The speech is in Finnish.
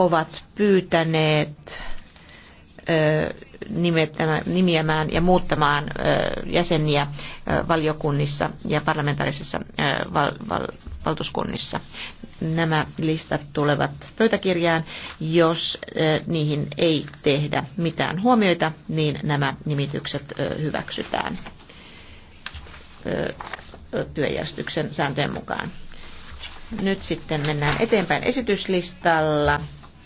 ovat pyytäneet nimiämään ja muuttamaan jäseniä valiokunnissa ja parlamentaarisissa val- val- valtuuskunnissa. Nämä listat tulevat pöytäkirjaan. Jos niihin ei tehdä mitään huomioita, niin nämä nimitykset hyväksytään työjärjestyksen sääntöjen mukaan. Nyt sitten mennään eteenpäin esityslistalla.